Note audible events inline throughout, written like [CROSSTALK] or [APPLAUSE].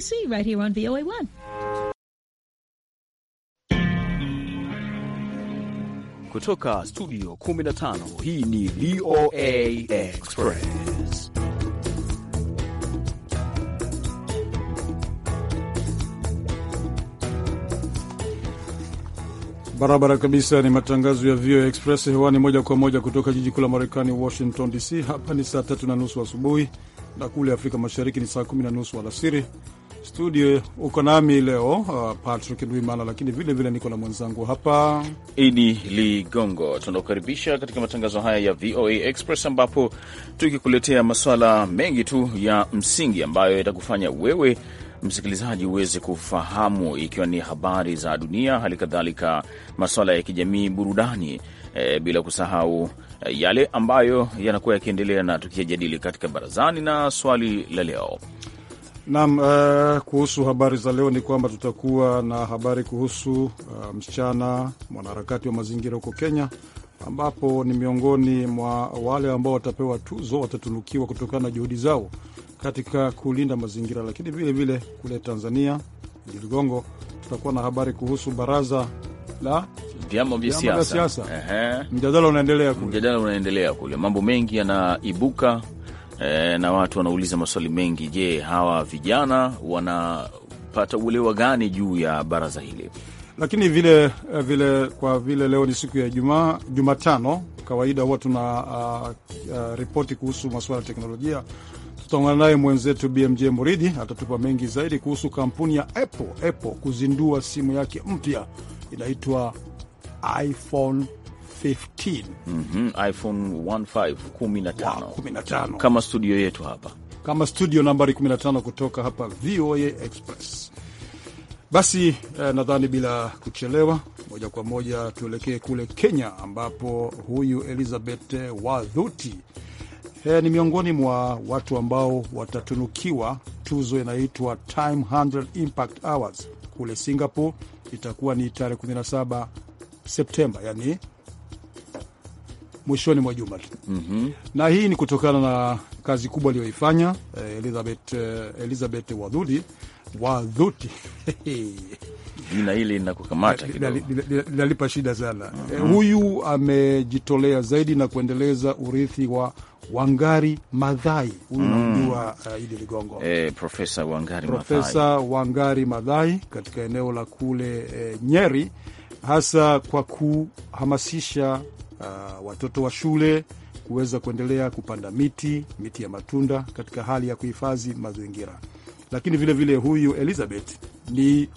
See right here on VOA1. Kutoka studio 15 hii ni VOA Express. Barabara kabisa ni matangazo ya VOA Express hewani moja kwa moja kutoka jiji kuu la Marekani, Washington DC. Hapa ni saa tatu na nusu asubuhi na kule Afrika Mashariki ni saa kumi na nusu alasiri studio uko nami leo uh, Patrick Ndwimana, lakini vilevile niko na mwenzangu hapa Idi Ligongo. Tunakukaribisha katika matangazo haya ya VOA Express ambapo tukikuletea masuala mengi tu ya msingi ambayo yatakufanya wewe msikilizaji uweze kufahamu, ikiwa ni habari za dunia, hali kadhalika masuala ya kijamii, burudani, e, bila kusahau eh, yale ambayo yanakuwa yakiendelea na tukiyajadili katika barazani na swali la leo. Naam, uh, kuhusu habari za leo ni kwamba tutakuwa na habari kuhusu uh, msichana mwanaharakati wa mazingira huko Kenya, ambapo ni miongoni mwa wale ambao watapewa tuzo, watatunukiwa kutokana na juhudi zao katika kulinda mazingira. Lakini vilevile kule Tanzania, Idi Ligongo, tutakuwa na habari kuhusu baraza la vyama vya siasa. Mjadala unaendelea kule, mjadala unaendelea kule, mambo mengi yanaibuka e, na watu wanauliza maswali mengi. Je, hawa vijana wanapata uelewa gani juu ya baraza hili? Lakini vile eh, vile kwa vile leo ni siku ya Jumaa, Jumatano kawaida huwa tuna uh, uh, ripoti kuhusu masuala ya teknolojia. Tutaungana naye mwenzetu BMJ Muridi, atatupa mengi zaidi kuhusu kampuni ya Apple, Apple kuzindua simu yake mpya inaitwa iPhone Mhm, iPhone 15 15, kama studio yetu hapa kama studio nambari 15 kutoka hapa VOA Express. Basi eh, nadhani bila kuchelewa, moja kwa moja tuelekee kule Kenya ambapo huyu Elizabeth Wadhuti eh, ni miongoni mwa watu ambao watatunukiwa tuzo inaitwa Time 100 Impact Hours kule Singapore. Itakuwa ni tarehe 17 Septemba, yani mwishoni mwa juma tu mm -hmm. na hii ni kutokana na kazi kubwa aliyoifanya eh, Elizabeth, eh, Elizabeth Wadhudi Wadhuti [LAUGHS] jina hili linakukamata kidogo, linalipa shida sana mm -hmm. huyu amejitolea zaidi na kuendeleza urithi wa Wangari Madhai huyu mm. mm. uh, Idi Ligongo e, Profesa Wangari, Wangari Madhai katika eneo la kule e, Nyeri hasa kwa kuhamasisha uh, watoto wa shule kuweza kuendelea kupanda miti, miti ya matunda katika hali ya kuhifadhi mazingira. Lakini vilevile vile huyu Elizabeth ni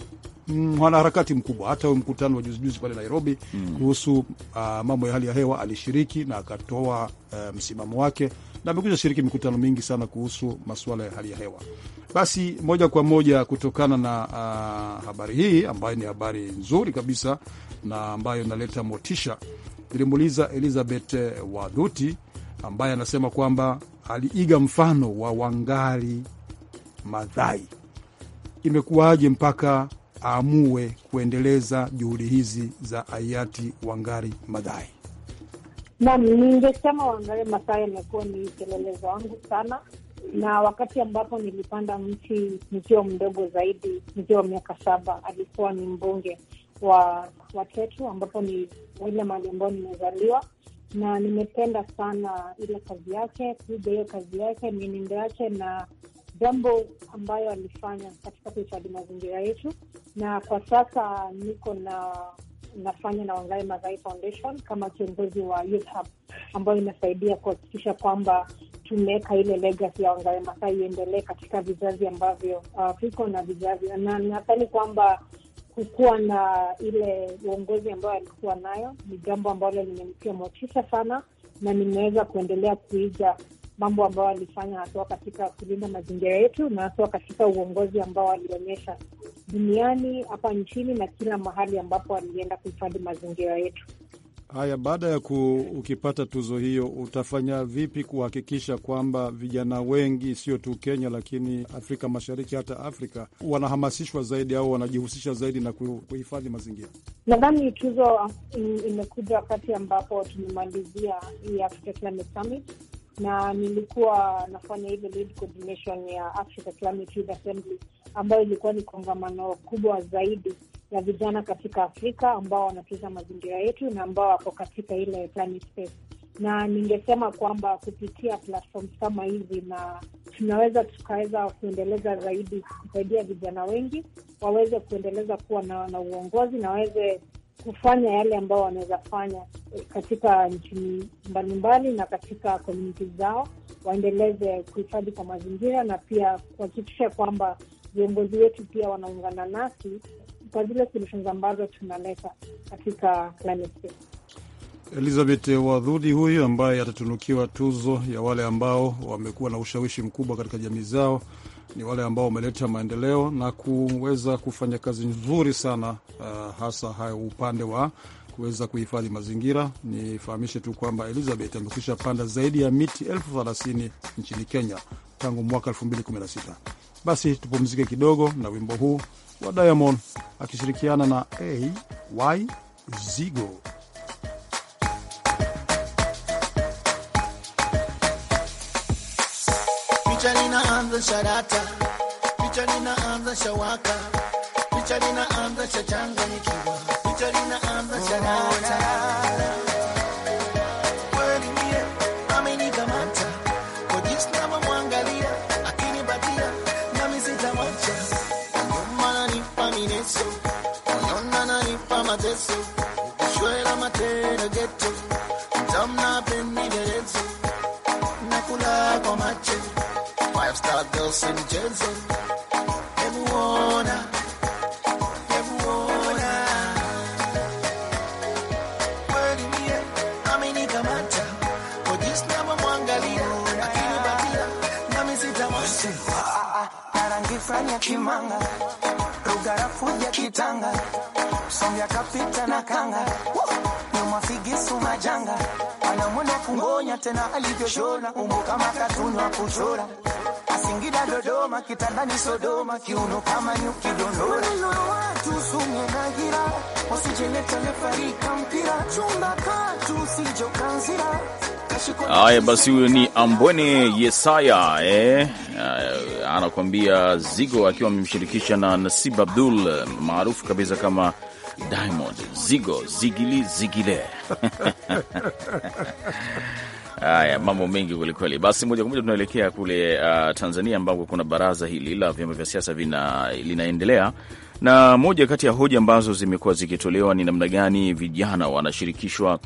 mwanaharakati mkubwa. Hata huyu mkutano wa juzijuzi pale Nairobi mm. kuhusu uh, mambo ya hali ya hewa alishiriki na akatoa uh, msimamo wake, na amekuja shiriki mikutano mingi sana kuhusu masuala ya hali ya hewa. Basi moja kwa moja kutokana na uh, habari hii ambayo ni habari nzuri kabisa na ambayo inaleta motisha Nilimuuliza Elizabeth eh, Waduti ambaye anasema kwamba aliiga mfano wa Wangari madhai Imekuwaje mpaka aamue kuendeleza juhudi hizi za hayati Wangari Madhai? Naam, ningesema Wangari madhai amekuwa ni kielelezo wangu sana, na wakati ambapo nilipanda mti nikiwa mdogo zaidi, nikiwa miaka saba, alikuwa ni mbunge wa Watetu, ambapo ni ile mali ambayo nimezaliwa, na nimependa sana ile kazi yake, kuja hiyo kazi yake, mienendo yake na jambo ambayo alifanya katika kuhifadhi mazingira yetu. Na kwa sasa niko na nafanya na wangae Maathai Foundation kama kiongozi wa Youth Hub ambayo inasaidia kuhakikisha kwamba tumeweka ile legacy ya Wangai Maathai iendelee katika vizazi ambavyo uh, viko uh, na vizazi, na nadhani kwamba kukuwa na ile uongozi ambayo alikuwa nayo ni jambo ambalo limenitia motisha sana, na nimeweza kuendelea kuiga mambo ambayo alifanya haswa katika kulinda mazingira yetu na haswa katika uongozi ambao alionyesha duniani, hapa nchini na kila mahali ambapo alienda kuhifadhi mazingira yetu. Haya, baada ya ku, ukipata tuzo hiyo utafanya vipi kuhakikisha kwamba vijana wengi sio tu Kenya lakini Afrika Mashariki hata Afrika wanahamasishwa zaidi au wanajihusisha zaidi na kuhifadhi mazingira? Nadhani tuzo mm, imekuja wakati ambapo tumemalizia hii Africa Climate Summit na nilikuwa nafanya ile lead coordination ya Africa Climate Youth Assembly ambayo ilikuwa ni kongamano kubwa zaidi ya vijana katika Afrika ambao wanatuza mazingira yetu na ambao wako katika ile planet space. Na ningesema kwamba kupitia platforms kama hizi na tunaweza tukaweza kuendeleza zaidi kusaidia vijana wengi waweze kuendeleza kuwa na, na uongozi na waweze kufanya yale ambao wanaweza fanya katika nchi mbalimbali na katika komuniti zao, waendeleze kuhifadhi kwa mazingira na pia kuhakikisha kwamba viongozi wetu pia wanaungana nasi kwa zile solutions ambazo tunaleta katika climate change. Elizabeth Wadhudi huyu ambaye atatunukiwa tuzo ya wale ambao wamekuwa na ushawishi mkubwa katika jamii zao, ni wale ambao wameleta maendeleo na kuweza kufanya kazi nzuri sana, uh, hasa hayo upande wa kuweza kuhifadhi mazingira. Nifahamishe tu kwamba Elizabeth amekwisha panda zaidi ya miti elfu thelathini nchini Kenya tangu mwaka 2016. Basi tupumzike kidogo na wimbo huu wa Diamond akishirikiana na AY Zigo. Picha linaanza sharata, picha linaanza shawaka, picha linaanza shachanga nikiwa, picha linaanza sharata mateso, ukishwela matera geto, tamna pendi gerezo, nakula kwa macho, five star girls in michezo, hebu ona, hebu ona, kweli ah, ah, ah, rangi fulani ya kimanga, lugha rafu kitanga songa kapita na kanga nyuma figisu majanga anamwona kungonya tena alivyoshona umbo kama katuni wa kuchora asingida Dodoma kitandani Sodoma kiuno kama nyuki dondora watu sunye na gira wasijele talefarika mpira chumba katu sijo Haya basi, huyo ni Ambwene Yesaya eh, eh anakuambia Zigo akiwa amemshirikisha na Nasib Abdul maarufu kabisa kama Diamond. Zigo zigili zigile [LAUGHS] Haya, mambo mengi kwelikweli. Basi moja kwa moja tunaelekea kule uh, Tanzania ambako kuna baraza hili la vyama vya siasa linaendelea, na moja kati ya hoja ambazo zimekuwa zikitolewa ni namna gani vijana wanashirikishwa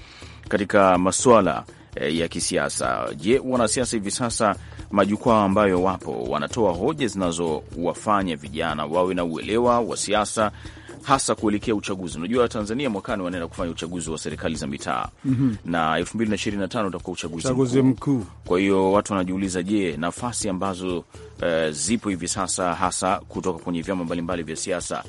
katika maswala Eh, ya kisiasa. Je, wanasiasa hivi sasa, majukwaa ambayo wapo, wanatoa hoja zinazowafanya vijana wawe na uelewa wa siasa hasa kuelekea uchaguzi. Unajua, Tanzania mwakani wanaenda kufanya uchaguzi wa serikali za mitaa mm -hmm. na elfu mbili na ishirini na tano utakuwa uchaguzi mkuu. Kwa hiyo watu wanajiuliza, je, nafasi ambazo uh, zipo hivi sasa hasa kutoka kwenye vyama mbalimbali vya siasa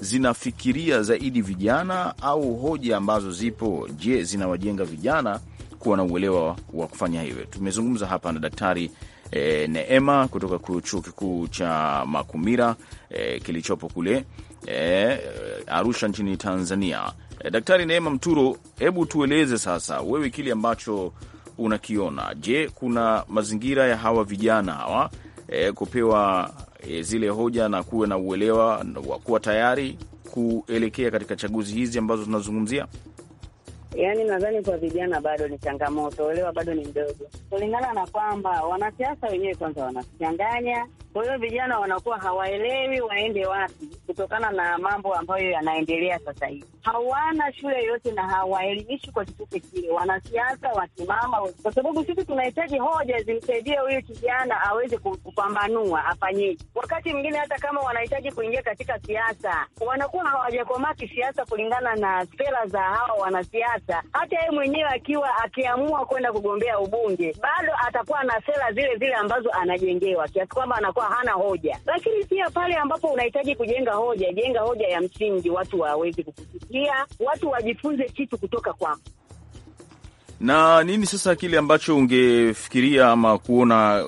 zinafikiria zaidi vijana au hoja ambazo zipo, je, zinawajenga vijana kuwa na uelewa wa kufanya hivyo. Tumezungumza hapa na Daktari e, Neema kutoka chuo kikuu cha Makumira e, kilichopo kule e, Arusha nchini Tanzania. E, Daktari Neema Mturo, hebu tueleze sasa wewe kile ambacho unakiona. Je, kuna mazingira ya hawa vijana hawa e, kupewa e, zile hoja na kuwe na uelewa wa kuwa tayari kuelekea katika chaguzi hizi ambazo tunazungumzia? Yaani nadhani kwa vijana bado ni changamoto, uelewa bado ni mdogo, kulingana na kwamba wanasiasa wenyewe kwanza wanachanganya. Kwa hiyo vijana wanakuwa hawaelewi waende wapi, kutokana na mambo ambayo yanaendelea sasa hivi. Hawana shule yoyote na hawaelimishi kwa chochote kile, wanasiasa wasimama, kwa sababu sisi tunahitaji hoja zimsaidie huyu kijana aweze kupambanua afanyeje. Wakati mwingine hata kama wanahitaji kuingia katika siasa, wanakuwa hawajakomaa kisiasa kulingana na sera za hawa wanasiasa sasa. Hata yeye mwenyewe akiwa akiamua kwenda kugombea ubunge, bado atakuwa na sera zile zile ambazo anajengewa, kiasi kwamba anakuwa hana hoja. Lakini pia pale ambapo unahitaji kujenga hoja, jenga hoja ya msingi, watu waweze kukusikia, watu wajifunze kitu kutoka kwako na nini sasa kile ambacho ungefikiria ama kuona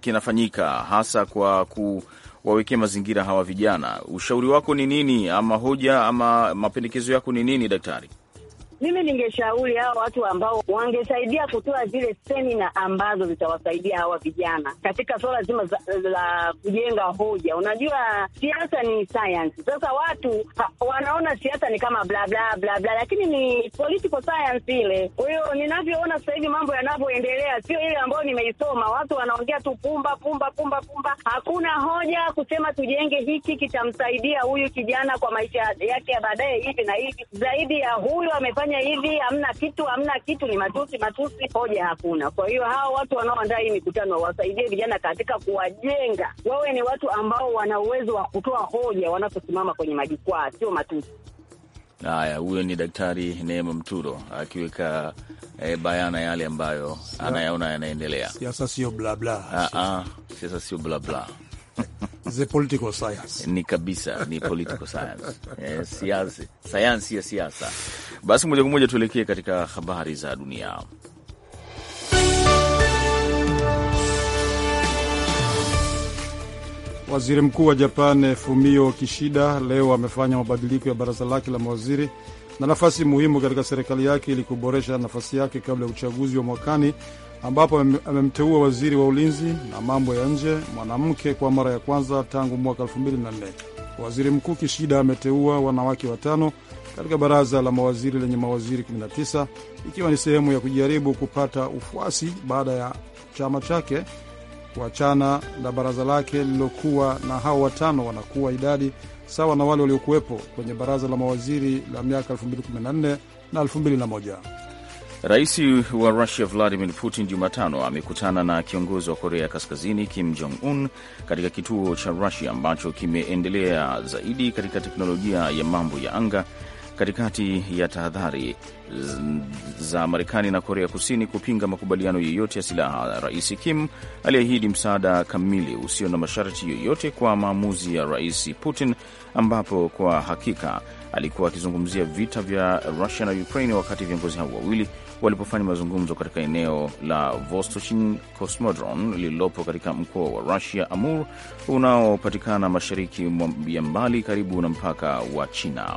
kinafanyika hasa kwa kuwawekea mazingira hawa vijana? Ushauri wako ni nini, ama hoja ama mapendekezo yako ni nini, daktari? Mimi ningeshauri hawa watu ambao wangesaidia kutoa zile semina ambazo zitawasaidia hawa vijana katika suala zima la kujenga hoja. Unajua siasa ni science. Sasa watu ha, wanaona siasa ni kama bla bla bla bla, lakini ni political science ile. Kwa hiyo ninavyoona sasa hivi mambo yanavyoendelea sio ile ambayo nimeisoma. Watu wanaongea tu pumba pumba pumba pumba, hakuna hoja kusema tujenge hiki kitamsaidia huyu kijana kwa maisha yake ya baadaye hivi na hivi, zaidi ya huyu amefanya mnafanya hivi, hamna kitu, hamna kitu, ni matusi, matusi, hoja hakuna. Kwa hiyo hawa watu wanaoandaa hii mikutano wasaidie vijana katika kuwajenga, wawe ni watu ambao wana uwezo wa kutoa hoja wanaposimama kwenye majukwaa, sio matusi. Haya, huyo ni Daktari Neema Mturo akiweka eh, bayana yale ambayo anayaona yanaendelea. Siasa sio blabla, ah, ah, siasa sio blabla. The political science. [LAUGHS] Ni kabisa ni political science. Yes, eh, science. Sayansi ya siasa. Basi moja kwa moja tuelekee katika habari za dunia. Waziri Mkuu wa Japan Fumio Kishida leo amefanya mabadiliko ya baraza lake la mawaziri na nafasi muhimu katika serikali yake ili kuboresha nafasi yake kabla ya uchaguzi wa mwakani ambapo amemteua waziri wa ulinzi na mambo ya nje mwanamke kwa mara ya kwanza tangu mwaka 2004. Waziri Mkuu Kishida ameteua wanawake watano katika baraza la mawaziri lenye mawaziri 19 ikiwa ni sehemu ya kujaribu kupata ufuasi baada ya chama chake kuachana na baraza lake lililokuwa na hao watano wanakuwa idadi sawa na wale waliokuwepo kwenye baraza la mawaziri la miaka 2014 na 2001. Rais wa Rusia Vladimir Putin Jumatano amekutana na kiongozi wa Korea Kaskazini Kim Jong Un katika kituo cha Rusia ambacho kimeendelea zaidi katika teknolojia ya mambo ya anga katikati ya tahadhari za Marekani na Korea Kusini kupinga makubaliano yoyote ya silaha. Rais Kim aliahidi msaada kamili usio na masharti yoyote kwa maamuzi ya Rais Putin, ambapo kwa hakika alikuwa akizungumzia vita vya Rusia na Ukraine wakati viongozi hao wawili walipofanya mazungumzo katika eneo la Vostochin Cosmodron lililopo katika mkoa wa Russia Amur unaopatikana mashariki ya mbali karibu na mpaka wa China.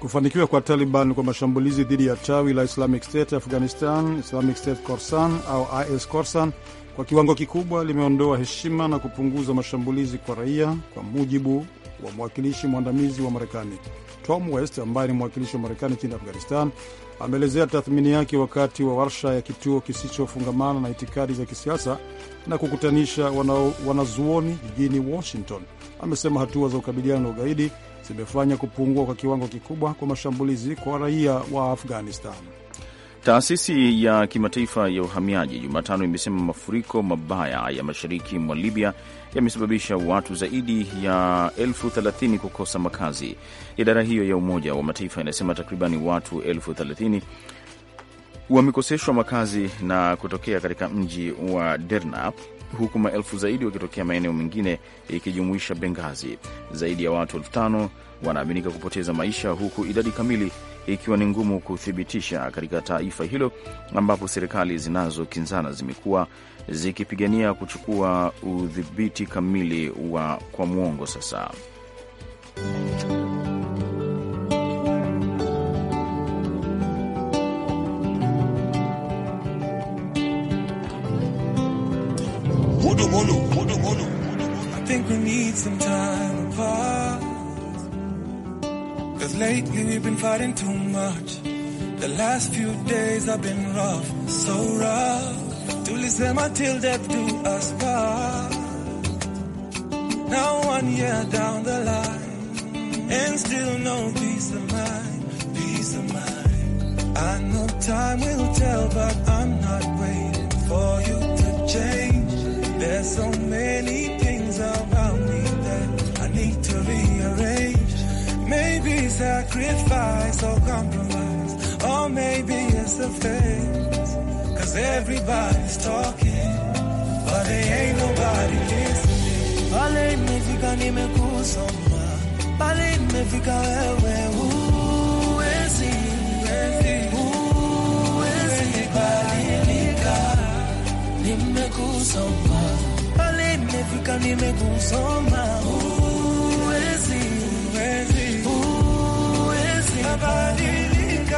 Kufanikiwa kwa Taliban kwa mashambulizi dhidi ya tawi la Islamic State Afghanistan, Islamic State Khorasan au IS Khorasan, kwa kiwango kikubwa limeondoa heshima na kupunguza mashambulizi kwa raia, kwa mujibu wa mwakilishi mwandamizi wa Marekani Tom West ambaye ni mwakilishi wa Marekani nchini Afghanistan ameelezea tathmini yake wakati wa warsha ya kituo kisichofungamana na itikadi za kisiasa na kukutanisha wana, wanazuoni jijini Washington. Amesema hatua za kukabiliana na ugaidi zimefanya kupungua kwa kiwango kikubwa kwa mashambulizi kwa raia wa Afghanistan. Taasisi ya kimataifa ya uhamiaji Jumatano imesema mafuriko mabaya ya mashariki mwa Libya yamesababisha watu zaidi ya elfu thelathini kukosa makazi. Idara hiyo ya Umoja wa Mataifa inasema takribani watu elfu thelathini wamekoseshwa makazi na kutokea katika mji wa Derna huku maelfu zaidi wakitokea maeneo mengine ikijumuisha Bengazi. Zaidi ya watu elfu tano wanaaminika kupoteza maisha, huku idadi kamili ikiwa ni ngumu kuthibitisha katika taifa hilo ambapo serikali zinazokinzana zimekuwa zikipigania kuchukua udhibiti kamili wa kwa mwongo sasa. Lately we've been fighting too much. The last few days I've been rough, so rough. To listen until death do us part. Now one year down the line, and still no peace of mind, peace of mind. I know time will tell, but I'm not waiting for you to change. There's so many sacrifice or compromise, or maybe it's a face. Cause everybody's talking, but they ain't nobody listening. Pale imefika nimekusoma, pale imefika wewe huwezi, huwezi badilika. Nimekusoma, pale imefika nimekusoma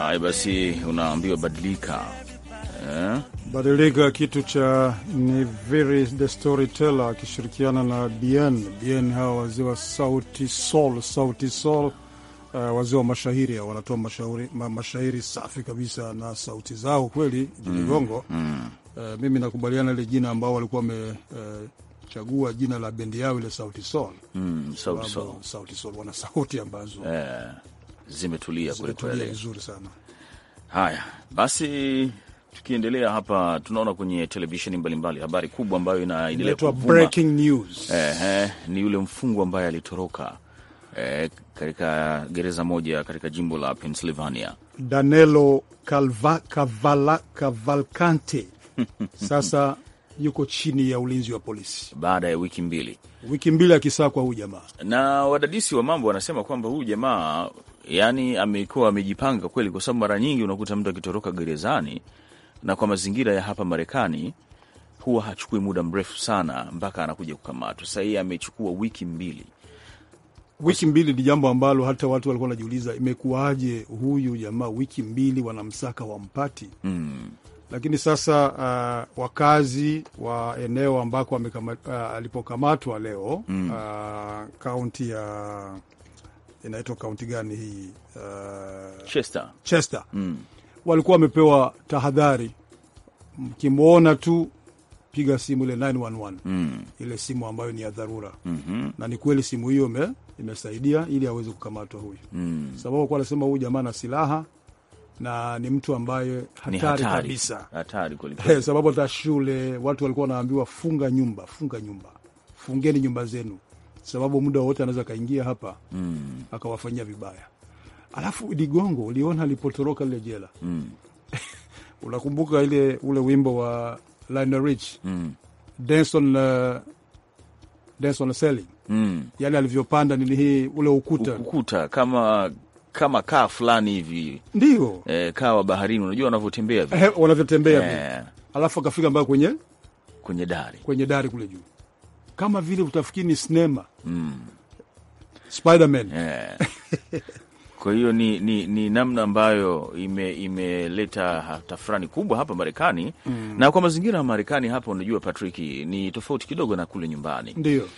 Haya basi, unaambiwa badilika, eh? Badilika kitu cha ni very the storyteller akishirikiana na Bien Bien, hawa wazee wa sauti Sol, sauti Sol, uh, wazee wa mashairi hao wanatoa mashairi, ma, mashairi safi kabisa na sauti zao kweli jiligongo mm, mm. Uh, mimi nakubaliana ile jina ambao walikuwa wame uh, chagua jina la bendi yao ile Sauti Sol. Mm, Sauti Sol. Sauti Sol wana sauti ambazo yeah zimetulia kwelikweli, vizuri sana. Haya basi, tukiendelea hapa, tunaona kwenye televisheni mbalimbali habari kubwa ambayo inaendelea breaking news eh, eh, ni yule mfungwa ambaye alitoroka eh, katika gereza moja katika jimbo la Pennsylvania, Danilo Cavalcante [LAUGHS] sasa yuko chini ya ulinzi wa polisi baada ya wiki mbili, wiki mbili kwa huyu jamaa. Na wadadisi wa mambo wanasema kwamba huyu jamaa yani amekuwa amejipanga kweli, kwa sababu mara nyingi unakuta mtu akitoroka gerezani, na kwa mazingira ya hapa Marekani huwa hachukui muda mrefu sana mpaka anakuja kukamatwa. Sasa hii amechukua wiki mbili. Wiki mbili ni jambo ambalo hata watu walikuwa wanajiuliza imekuwaje, huyu jamaa wiki mbili wanamsaka wampati. Mm. Lakini sasa uh, wakazi wa eneo ambako uh, alipokamatwa leo hmm. uh, kaunti mm. uh, ya inaitwa kaunti gani hii? Uh, Chester, Chester. Mm. Walikuwa wamepewa tahadhari, mkimwona tu piga simu ile 911 mm. ile simu ambayo ni ya dharura mm -hmm. na ni kweli simu hiyo me, imesaidia ili aweze kukamatwa huyu mm. sababu kuwa anasema huyu jamaa na silaha na ni mtu ambaye hatari, hatari kabisa, hatari [LAUGHS] sababu hata shule watu walikuwa wanaambiwa funga nyumba, funga nyumba, fungeni nyumba zenu sababu muda wote anaweza akaingia hapa mm. akawafanyia vibaya. Alafu Ligongo uliona alipotoroka lile jela mm. [LAUGHS] unakumbuka ile ule wimbo wa Lionel Rich mm. Denson uh, Dance Selling mm. yale alivyopanda nini hii ule ukuta ukuta kama kama kaa fulani hivi ndio e, kaa wa baharini, unajua wanavyotembea eh, wanavyotembea, eh. alafu akafika mbayo kwenye kwenye dari kwenye dari kule juu kama vile utafikiri ni sinema mm. Spiderman yeah. [LAUGHS] Kwa hiyo ni, ni, ni namna ambayo imeleta ime tafurani kubwa hapa Marekani mm. na kwa mazingira ya Marekani hapa, unajua Patrick, ni tofauti kidogo na kule nyumbani. Ndio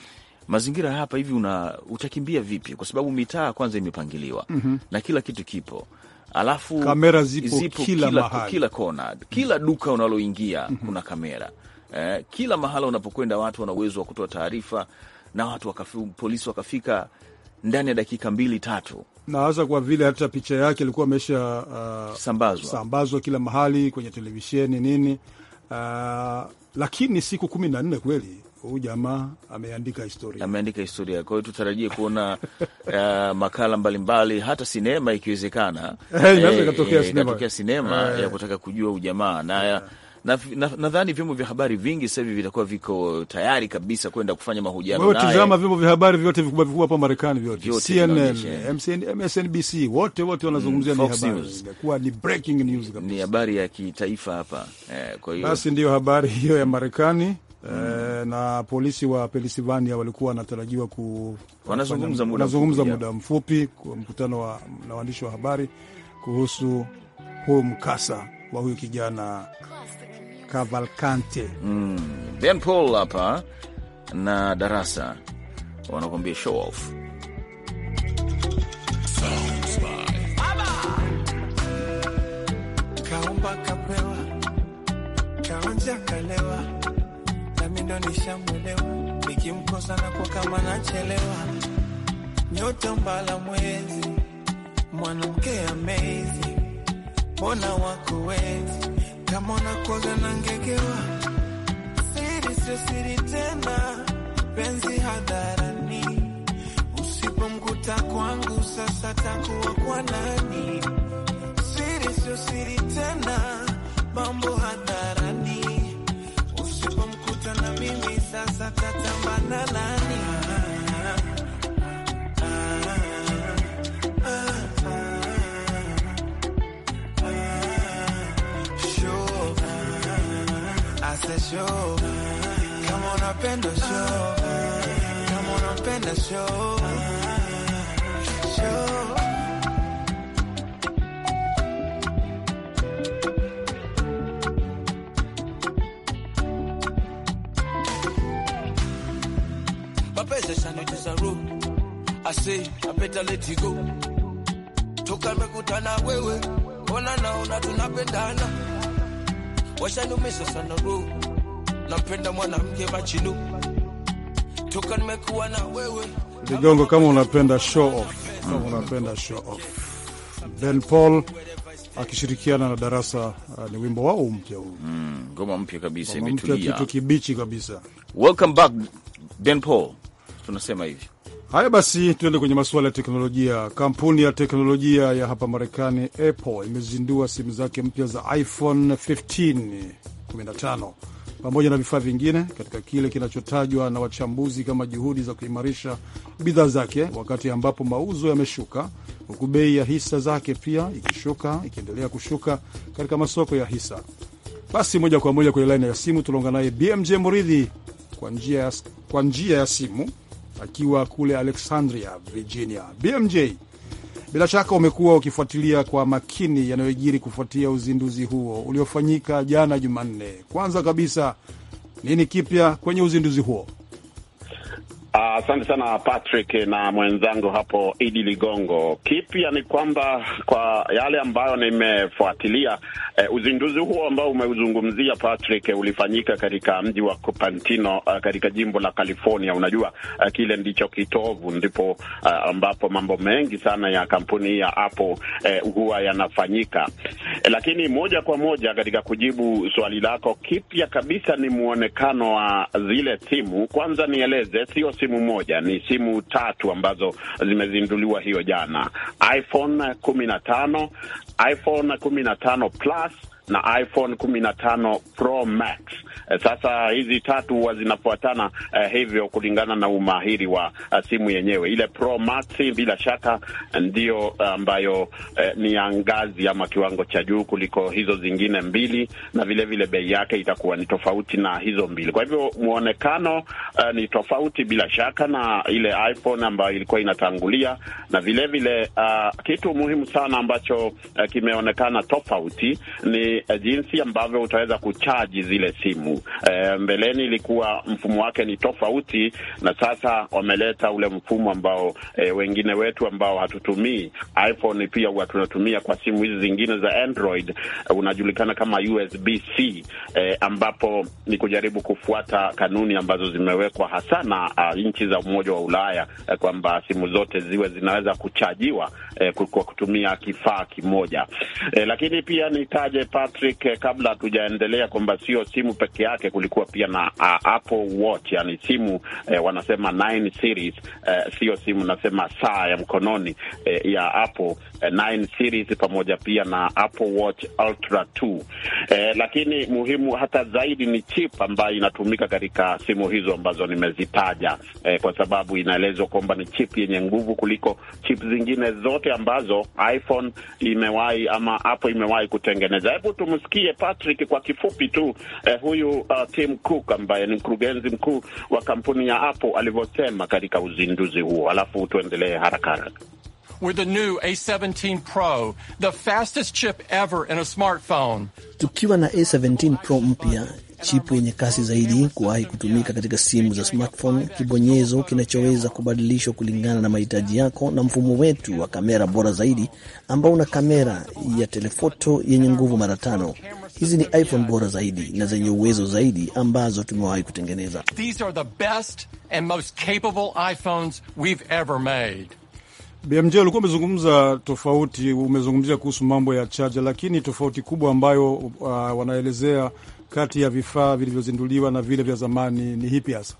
mazingira hapa hivi, una utakimbia vipi? Kwa sababu mitaa kwanza imepangiliwa mm -hmm. na kila kitu kipo alafu kamera zipo, zipo kila, kila, kila kona, kila mhm. duka unaloingia mm -hmm. kuna kamera eh, kila mahala unapokwenda watu wana uwezo wa kutoa taarifa na watu wakafu, polisi wakafika ndani ya dakika mbili tatu, na hasa kwa vile hata picha yake ilikuwa amesha uh, sambazwa, sambazwa kila mahali kwenye televisheni nini uh, lakini siku kumi na nne kweli huyu jamaa ameandika historia, ameandika historia. Kwa hiyo tutarajie kuona [LAUGHS] uh, makala mbalimbali mbali, hata sinema ikiwezekana, eh, inaweza eh, eh, ikatokea sinema ya kutaka kujua ujamaa na yeah nadhani na, na vyombo vya habari vingi sasa hivi vitakuwa viko tayari kabisa kwenda kufanya mahojiano. vyombo vya habari vyote vikubwa vikubwa hapa Marekani, vyote CNN, MSNBC, eh. wote wote wanazungumzia mm, habari inakuwa ni breaking news kabisa, ni habari ya kitaifa hapa eh, kwa hiyo basi ndiyo habari hiyo ya mm. Marekani. Eh, mm. Na polisi wa Pennsylvania walikuwa wanatarajiwa ku wanazungumza muda, muda mfupi kwa mkutano wa, na waandishi wa habari kuhusu huu mkasa wa huyu kijana Cavalcante. Mm. Ben Paul hapa na Darasa wanakuambia show off. Kaomba kapewa, kaonja kalewa, nami ndo nishamwelewa, nikimkosa nakuwa kama nachelewa. Nyota mbala mwezi, mwanamke amazing, mbona wako wezi Nitamwona koga na ngegewa, siri sio siri tena, penzi hadharani. Usipomkuta kwangu sasa takuwa kwa nani? Siri sio siri tena, mambo hadharani. Usipomkuta na mimi sasa tatambana nani? nianze show kama unapenda show kama unapenda show show Toka mekutana wewe, ona naona tunapendana, washanumisa sana roho nampenda mwanamke machinu toka nimekuwa na wewe Ligongo. Kama unapenda show off, kama unapenda show off. Ben Paul akishirikiana na Darasa uh, ni wimbo wao mpya huu, mm, ngoma mpya kabisa, imetulia kitu kibichi kabisa. Welcome back Ben Paul, tunasema hivi. Haya basi, tuende kwenye masuala ya teknolojia. Kampuni ya teknolojia ya hapa Marekani, Apple, imezindua simu zake mpya za iPhone 15 15 pamoja na vifaa vingine katika kile kinachotajwa na wachambuzi kama juhudi za kuimarisha bidhaa zake wakati ambapo mauzo yameshuka, huku bei ya hisa zake pia ikishuka, ikiendelea kushuka katika masoko ya hisa. Basi moja kwa moja kwenye laini ya simu tunaongea naye BMJ Muridhi kwa njia, kwa njia ya simu akiwa kule Alexandria, Virginia. BMJ bila shaka umekuwa ukifuatilia kwa makini yanayojiri kufuatia uzinduzi huo uliofanyika jana Jumanne. Kwanza kabisa, nini kipya kwenye uzinduzi huo? Asante uh, sana Patrick na mwenzangu hapo Idi Ligongo. Kipya ni kwamba kwa yale ambayo nimefuatilia, eh, uzinduzi huo ambao umeuzungumzia Patrick, eh, ulifanyika katika mji wa Cupertino, uh, eh, katika jimbo la California. Unajua uh, kile ndicho kitovu, ndipo uh, ambapo mambo mengi sana ya kampuni ya Apple eh, huwa yanafanyika eh, lakini moja kwa moja katika kujibu swali lako, kipya kabisa ni mwonekano wa zile simu. Kwanza nieleze sio simu moja, ni simu tatu ambazo zimezinduliwa hiyo jana, iPhone kumi na tano, iPhone kumi na tano plus na iPhone 15 Pro Max. Eh, sasa hizi tatu huwa zinafuatana eh, hivyo kulingana na umahiri wa uh, simu yenyewe. Ile Pro Max bila shaka ndiyo eh, ambayo eh, ni ya ngazi ama kiwango cha juu kuliko hizo zingine mbili, na vilevile bei yake itakuwa ni tofauti na hizo mbili. Kwa hivyo mwonekano eh, ni tofauti bila shaka na ile iPhone ambayo ilikuwa inatangulia, na vilevile vile uh, kitu muhimu sana ambacho uh, kimeonekana tofauti ni Eh, jinsi ambavyo utaweza kuchaji zile simu. E, mbeleni ilikuwa mfumo wake ni tofauti, na sasa wameleta ule mfumo ambao e, wengine wetu ambao hatutumii iPhone pia huwa tunatumia kwa simu hizi zingine za Android, unajulikana kama USB-C e, ambapo ni kujaribu kufuata kanuni ambazo zimewekwa hasa na ah, nchi za Umoja wa Ulaya e, kwamba simu zote ziwe zinaweza kuchajiwa e, kwa kutumia kifaa kimoja e, lakini pia nitaje pa Patrick, eh, kabla hatujaendelea kwamba sio simu peke yake, kulikuwa pia na uh, Apple Watch, yani simu eh, wanasema 9 series eh, sio simu, nasema saa ya mkononi eh, ya Apple eh, 9 series pamoja pia na Apple Watch Ultra 2 eh, lakini muhimu hata zaidi ni chip ambayo inatumika katika simu hizo ambazo nimezitaja eh, kwa sababu inaelezwa kwamba ni chip yenye nguvu kuliko chip zingine zote ambazo iPhone imewahi ama Apple imewahi kutengeneza. Hebu tumsikie Patrick kwa kifupi tu eh, huyu uh, Tim Cook ambaye ni mkurugenzi mkuu wa kampuni ya Apple alivyosema katika uzinduzi huo, alafu tuendelee haraka haraka. With the new A17 Pro, the fastest chip ever in a smartphone. Tukiwa na A17 Pro mpya chipu yenye kasi zaidi kuwahi kutumika katika simu za smartphone, kibonyezo kinachoweza kubadilishwa kulingana na mahitaji yako, na mfumo wetu wa kamera bora zaidi ambao una kamera ya telefoto yenye nguvu mara tano. Hizi ni iPhone bora zaidi na zenye uwezo zaidi ambazo tumewahi kutengeneza. These are the best and most capable iPhones we've ever made. BMJ, ulikuwa umezungumza tofauti, umezungumzia kuhusu mambo ya chaja, lakini tofauti kubwa ambayo uh, wanaelezea kati ya vifaa vilivyozinduliwa na vile vya zamani ni hipi hasa?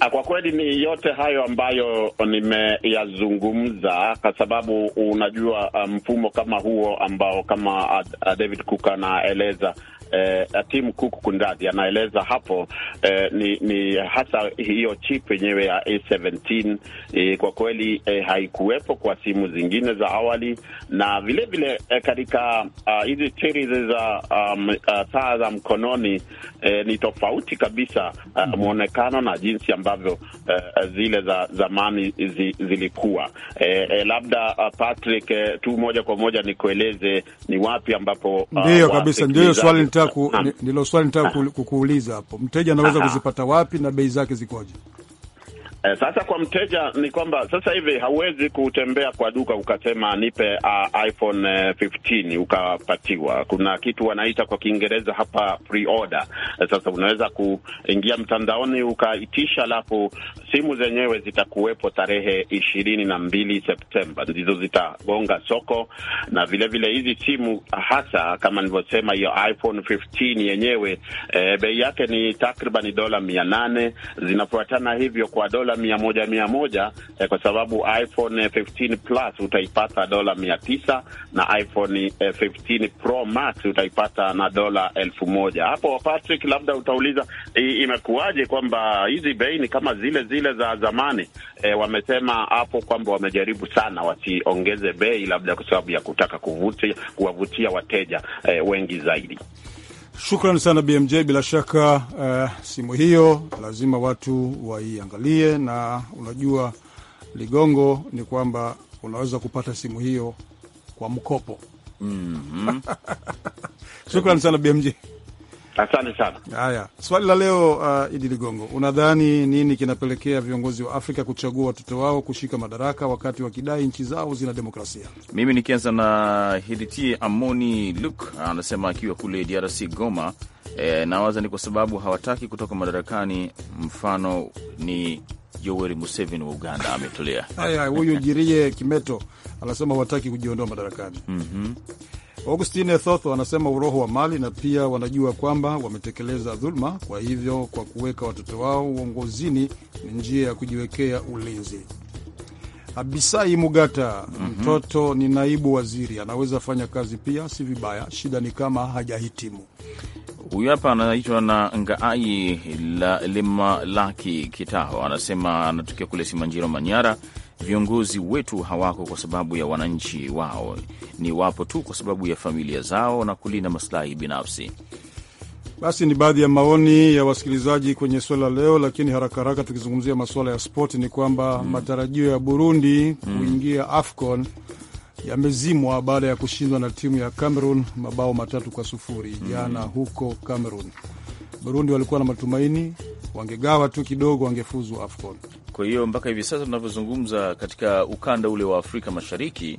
Ah, kwa kweli ni yote hayo ambayo nimeyazungumza, kwa sababu unajua ah, mfumo kama huo ambao kama ah, David Cook anaeleza eh, eh timu kuku kundadhi anaeleza hapo eh, ni, ni hasa hiyo chip yenyewe ya A17 eh, kwa kweli eh, haikuwepo kwa simu zingine za awali, na vilevile vile, eh, katika ah, hizi uh, series za um, uh, ah, taa za mkononi eh, ni tofauti kabisa uh, mwonekano na jinsi ambavyo uh, zile za zamani zi, zilikuwa eh, eh, labda uh, Patrick eh, tu moja kwa moja nikueleze ni wapi ambapo uh, ndiyo kabisa, ndiyo swali nita nitaka ndilo swali nitaka kukuuliza hapo, mteja anaweza kuzipata wapi na bei zake zikoje? Eh, sasa kwa mteja ni kwamba sasa hivi hauwezi kutembea kwa duka ukasema nipe uh, iPhone 15 eh, ukapatiwa. Kuna kitu wanaita kwa Kiingereza hapa pre-order. Eh, sasa unaweza kuingia mtandaoni ukaitisha, alafu simu zenyewe zitakuwepo tarehe ishirini na mbili Septemba, ndizo zitagonga soko, na vilevile hizi vile simu hasa kama nilivyosema, hiyo iPhone 15 yenyewe eh, bei yake ni takriban dola mia nane zinafuatana hivyo kwa dola dola mia moja mia moja eh, kwa sababu iPhone 15 eh, Plus utaipata dola mia tisa na iPhone 15 eh, Pro Max utaipata na dola elfu moja. Hapo Patrick, labda utauliza imekuwaje kwamba hizi bei ni kama zile zile za zamani? Eh, wamesema hapo kwamba wamejaribu sana wasiongeze bei, labda kwa sababu ya kutaka kuvutia kuwavutia wateja eh, wengi zaidi. Shukran sana BMJ, bila shaka uh, simu hiyo lazima watu waiangalie, na unajua Ligongo ni kwamba unaweza kupata simu hiyo kwa mkopo. mm -hmm. [LAUGHS] Shukran sana BMJ. Asante sana. Haya, swali la leo uh, Idi Ligongo, unadhani nini kinapelekea viongozi wa Afrika kuchagua watoto wao kushika madaraka wakati wakidai nchi zao zina demokrasia? Mimi nikianza na Hiditi Amoni luk anasema akiwa kule DRC Goma, e, nawaza ni kwa sababu hawataki kutoka madarakani. Mfano ni Yoweri Museveni wa Uganda ametolea. Haya, huyu Jirie Kimeto anasema hawataki kujiondoa madarakani. mm -hmm. Augustine Thotho anasema uroho wa mali na pia wanajua kwamba wametekeleza dhuluma, kwa hivyo kwa kuweka watoto wao uongozini ni njia ya kujiwekea ulinzi. Abisai Mugata, mm -hmm. Mtoto ni naibu waziri, anaweza fanya kazi pia, si vibaya. Shida ni kama hajahitimu. Huyu hapa anaitwa na Ngaai la Lima Laki Kitaho, anasema anatokea kule Simanjiro, Manyara viongozi wetu hawako kwa sababu ya wananchi wao, ni wapo tu kwa sababu ya familia zao na kulinda masilahi binafsi. Basi ni baadhi ya maoni ya wasikilizaji kwenye swala leo, lakini haraka haraka tukizungumzia masuala ya spoti ni kwamba mm, matarajio ya Burundi mm, kuingia AFCON yamezimwa baada ya kushindwa na timu ya Cameroon mabao matatu kwa sufuri hmm. jana mm, huko Cameroon. Burundi walikuwa na matumaini wangegawa tu kidogo, wangefuzu AFCON. Kwa hiyo mpaka hivi sasa tunavyozungumza katika ukanda ule wa Afrika Mashariki,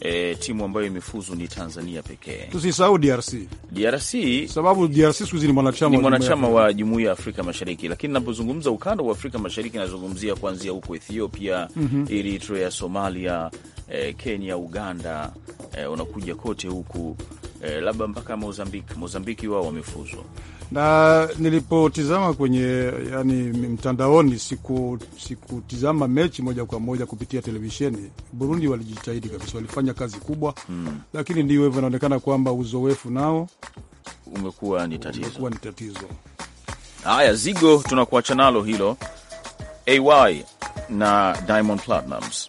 e, timu ambayo imefuzu ni Tanzania pekee. Tusisahau DRC. DRC sababu DRC siku hizi ni mwanachama, ni mwanachama wa Jumuiya ya Afrika Mashariki, lakini napozungumza ukanda wa Afrika Mashariki nazungumzia kuanzia huko Ethiopia, mm -hmm. Eritrea, Somalia, e, Kenya, Uganda, e, unakuja kote huku eh, labda mpaka Mozambiki. Mozambiki wao wamefuzwa Na nilipotizama kwenye yani mtandaoni, sikutizama siku mechi moja kwa moja kupitia televisheni. Burundi walijitahidi kabisa, walifanya kazi kubwa hmm. Lakini ndio hivyo, inaonekana kwamba uzoefu nao umekuwa ni tatizo, umekuwa ni tatizo. Haya, zigo tunakuacha nalo hilo, AY na Diamond Platnumz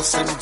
Nelson